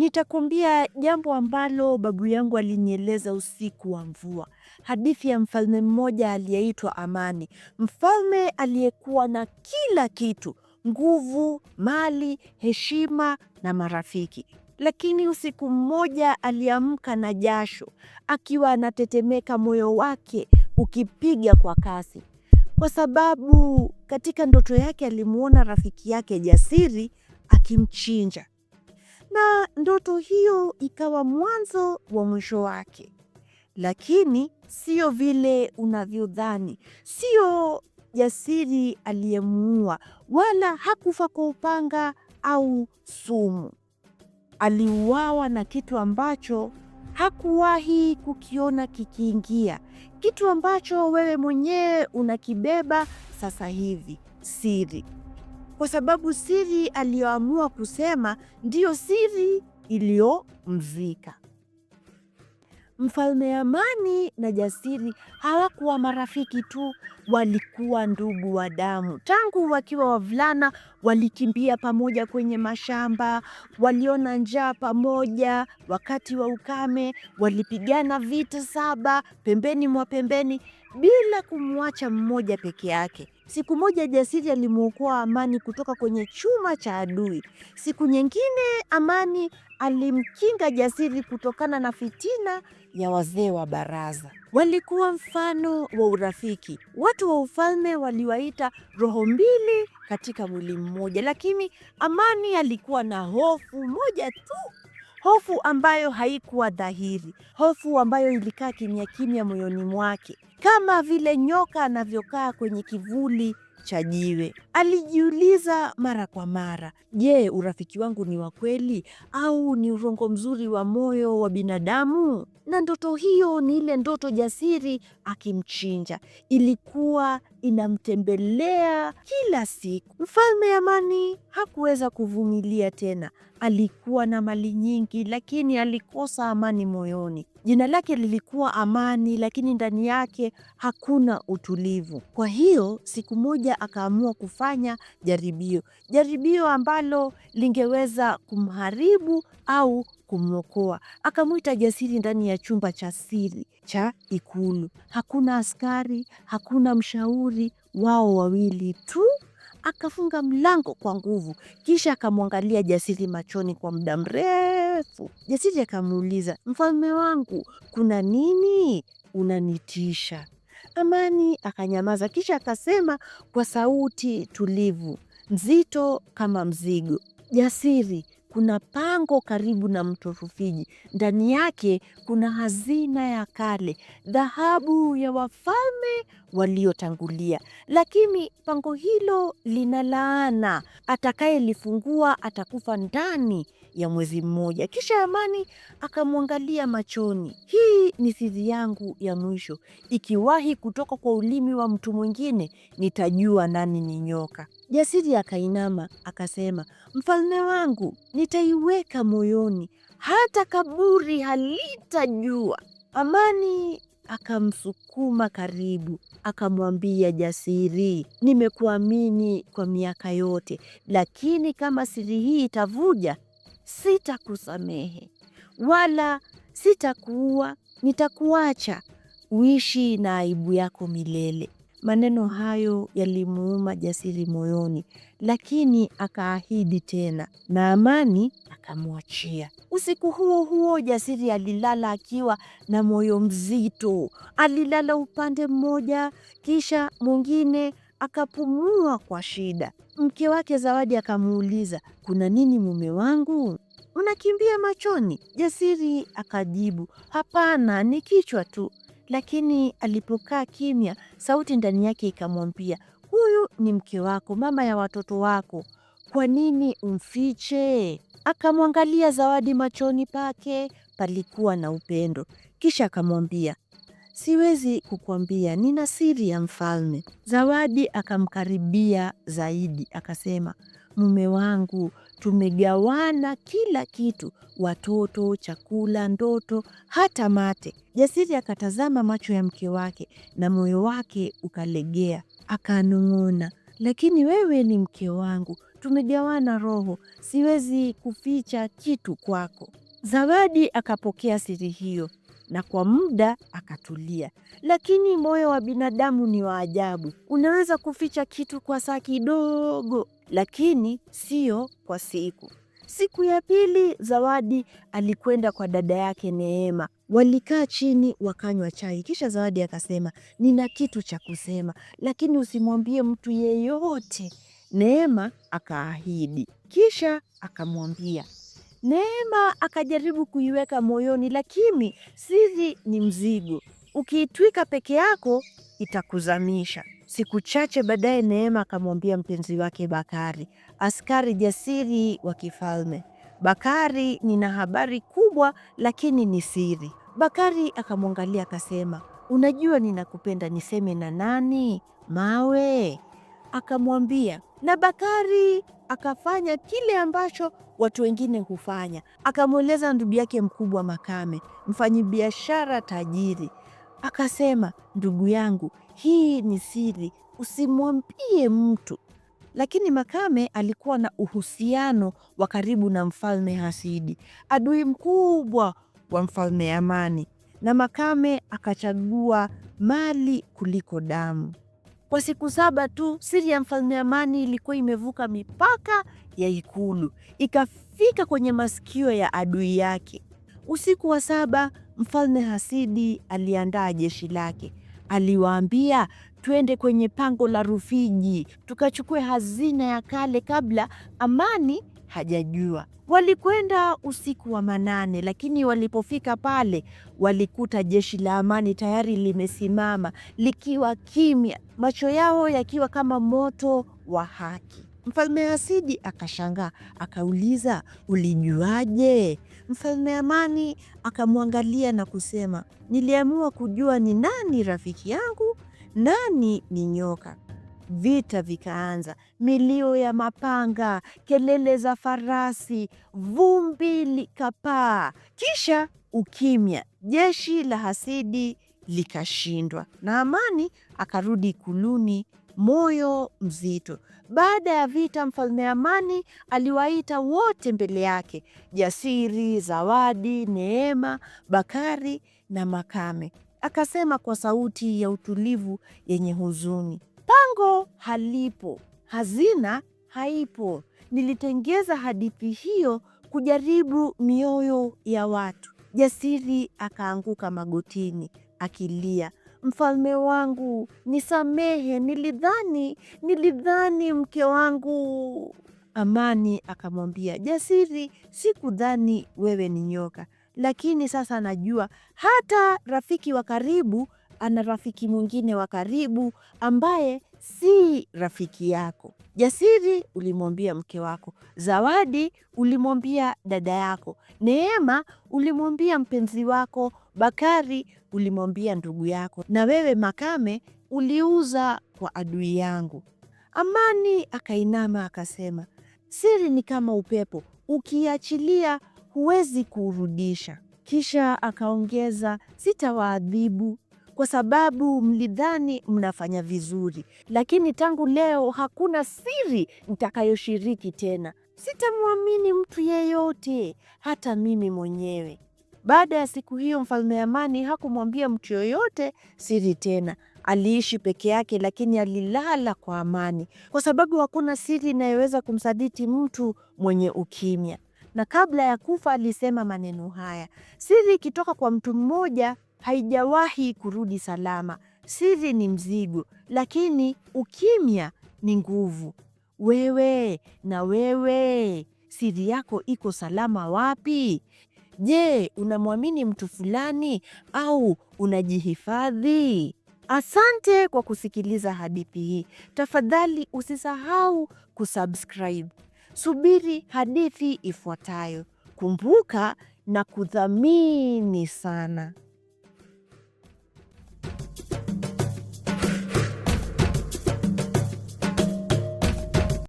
Nitakwambia jambo ambalo babu yangu alinieleza usiku wa mvua, hadithi ya mfalme mmoja aliyeitwa Amani, mfalme aliyekuwa na kila kitu: nguvu, mali, heshima na marafiki. Lakini usiku mmoja aliamka na jasho, akiwa anatetemeka, moyo wake ukipiga kwa kasi, kwa sababu katika ndoto yake alimwona rafiki yake jasiri akimchinja na ndoto hiyo ikawa mwanzo wa mwisho wake. Lakini sio vile unavyodhani. Sio Jasiri aliyemuua, wala hakufa kwa upanga au sumu. Aliuawa na kitu ambacho hakuwahi kukiona kikiingia, kitu ambacho wewe mwenyewe unakibeba sasa hivi, siri kwa sababu siri aliyoamua kusema ndiyo siri iliyomzika. Mfalme Amani na Jasiri hawakuwa marafiki tu, walikuwa ndugu wa damu. Tangu wakiwa wavulana, walikimbia pamoja kwenye mashamba, waliona njaa pamoja wakati wa ukame, walipigana vita saba pembeni mwa pembeni, bila kumwacha mmoja peke yake. Siku moja Jasiri alimwokoa Amani kutoka kwenye chuma cha adui. Siku nyingine Amani alimkinga Jasiri kutokana na fitina ya wazee wa baraza. Walikuwa mfano wa urafiki. Watu wa ufalme waliwaita roho mbili katika mwili mmoja, lakini Amani alikuwa na hofu moja tu hofu ambayo haikuwa dhahiri, hofu ambayo ilikaa kimya kimya moyoni mwake, kama vile nyoka anavyokaa kwenye kivuli cha jiwe. Alijiuliza mara kwa mara, je, urafiki wangu ni wa kweli au ni urongo mzuri wa moyo wa binadamu? Na ndoto hiyo, ni ile ndoto jasiri akimchinja, ilikuwa inamtembelea kila siku. Mfalme Amani hakuweza kuvumilia tena alikuwa na mali nyingi, lakini alikosa amani moyoni. Jina lake lilikuwa Amani, lakini ndani yake hakuna utulivu. Kwa hiyo siku moja akaamua kufanya jaribio, jaribio ambalo lingeweza kumharibu au kumwokoa. Akamwita Jasiri ndani ya chumba cha siri cha Ikulu. Hakuna askari, hakuna mshauri, wao wawili tu akafunga mlango kwa nguvu, kisha akamwangalia Jasiri machoni kwa muda mrefu. Jasiri akamuuliza, mfalme wangu, kuna nini unanitisha? Amani akanyamaza, kisha akasema kwa sauti tulivu, nzito kama mzigo, Jasiri, kuna pango karibu na mto Rufiji. Ndani yake kuna hazina ya kale, dhahabu ya wafalme waliotangulia. Lakini pango hilo lina laana, atakayelifungua atakufa ndani ya mwezi mmoja. Kisha Amani akamwangalia machoni. Hii ni siri yangu ya mwisho, ikiwahi kutoka kwa ulimi wa mtu mwingine nitajua nani ni nyoka. Jasiri akainama akasema, mfalme wangu, nitaiweka moyoni, hata kaburi halitajua. Amani akamsukuma karibu, akamwambia Jasiri, nimekuamini kwa miaka yote, lakini kama siri hii itavuja, sitakusamehe wala sitakuua, nitakuacha uishi na aibu yako milele. Maneno hayo yalimuuma Jasiri moyoni, lakini akaahidi tena, na Amani akamwachia. Usiku huo huo Jasiri alilala akiwa na moyo mzito. Alilala upande mmoja kisha mwingine, akapumua kwa shida. Mke wake Zawadi akamuuliza, kuna nini mume wangu, unakimbia machoni? Jasiri akajibu, hapana, ni kichwa tu. Lakini alipokaa kimya, sauti ndani yake ikamwambia, huyu ni mke wako, mama ya watoto wako, kwa nini umfiche? Akamwangalia Zawadi machoni pake palikuwa na upendo, kisha akamwambia, siwezi kukuambia, nina siri ya mfalme. Zawadi akamkaribia zaidi akasema, mume wangu, tumegawana kila kitu, watoto, chakula, ndoto, hata mate. Jasiri akatazama macho ya mke wake na moyo wake ukalegea, akanong'ona, lakini wewe ni mke wangu, tumegawana roho, siwezi kuficha kitu kwako. Zawadi akapokea siri hiyo na kwa muda akatulia. Lakini moyo wa binadamu ni wa ajabu, unaweza kuficha kitu kwa saa kidogo, lakini sio kwa siku. Siku ya pili Zawadi alikwenda kwa dada yake Neema. Walikaa chini wakanywa chai, kisha Zawadi akasema, nina kitu cha kusema, lakini usimwambie mtu yeyote. Neema akaahidi, kisha akamwambia Neema akajaribu kuiweka moyoni, lakini siri ni mzigo, ukiitwika peke yako itakuzamisha. Siku chache baadaye, Neema akamwambia mpenzi wake Bakari, askari jasiri wa kifalme, Bakari, nina habari kubwa, lakini ni siri. Bakari akamwangalia akasema, unajua ninakupenda, niseme na nani? Mawe akamwambia na Bakari akafanya kile ambacho watu wengine hufanya. Akamweleza ndugu yake mkubwa Makame, mfanyibiashara tajiri, akasema, ndugu yangu, hii ni siri, usimwambie mtu. Lakini Makame alikuwa na uhusiano wa karibu na mfalme Hasidi, adui mkubwa wa mfalme Amani, na Makame akachagua mali kuliko damu. Kwa siku saba tu siri ya mfalme Amani ilikuwa imevuka mipaka ya ikulu ikafika kwenye masikio ya adui yake. Usiku wa saba mfalme Hasidi aliandaa jeshi lake. Aliwaambia, twende kwenye pango la Rufiji tukachukue hazina ya kale kabla Amani hajajua. Walikwenda usiku wa manane, lakini walipofika pale walikuta jeshi la amani tayari limesimama likiwa kimya, macho yao yakiwa kama moto wa haki. Mfalme Asidi akashangaa, akauliza, ulijuaje? Mfalme Amani akamwangalia na kusema, niliamua kujua ni nani rafiki yangu, nani ni nyoka. Vita vikaanza, milio ya mapanga, kelele za farasi, vumbi likapaa, kisha ukimya. Jeshi la Hasidi likashindwa na Amani akarudi ikuluni moyo mzito. Baada ya vita, mfalme Amani aliwaita wote mbele yake: Jasiri, Zawadi, Neema, Bakari na Makame. Akasema kwa sauti ya utulivu yenye huzuni, Pango halipo, hazina haipo. Nilitengeza hadithi hiyo kujaribu mioyo ya watu. Jasiri akaanguka magotini akilia, mfalme wangu nisamehe, nilidhani nilidhani mke wangu. Amani akamwambia Jasiri, sikudhani wewe ni nyoka, lakini sasa najua hata rafiki wa karibu ana rafiki mwingine wa karibu ambaye si rafiki yako. Jasiri ulimwambia mke wako, Zawadi ulimwambia dada yako, Neema ulimwambia mpenzi wako, Bakari ulimwambia ndugu yako, na wewe Makame uliuza kwa adui yangu. Amani akainama akasema, siri ni kama upepo, ukiachilia huwezi kuurudisha. Kisha akaongeza, sitawaadhibu kwa sababu mlidhani mnafanya vizuri, lakini tangu leo hakuna siri ntakayoshiriki tena. Sitamwamini mtu yeyote, hata mimi mwenyewe. Baada ya siku hiyo, Mfalme Amani hakumwambia mtu yoyote siri tena. Aliishi peke yake, lakini alilala kwa amani, kwa sababu hakuna siri inayoweza kumsaditi mtu mwenye ukimya. Na kabla ya kufa alisema maneno haya: siri ikitoka kwa mtu mmoja haijawahi kurudi salama. Siri ni mzigo, lakini ukimya ni nguvu. Wewe na wewe, siri yako iko salama wapi? Je, unamwamini mtu fulani au unajihifadhi? Asante kwa kusikiliza hadithi hii. Tafadhali usisahau kusubscribe. Subiri hadithi ifuatayo. Kumbuka na kuthamini sana.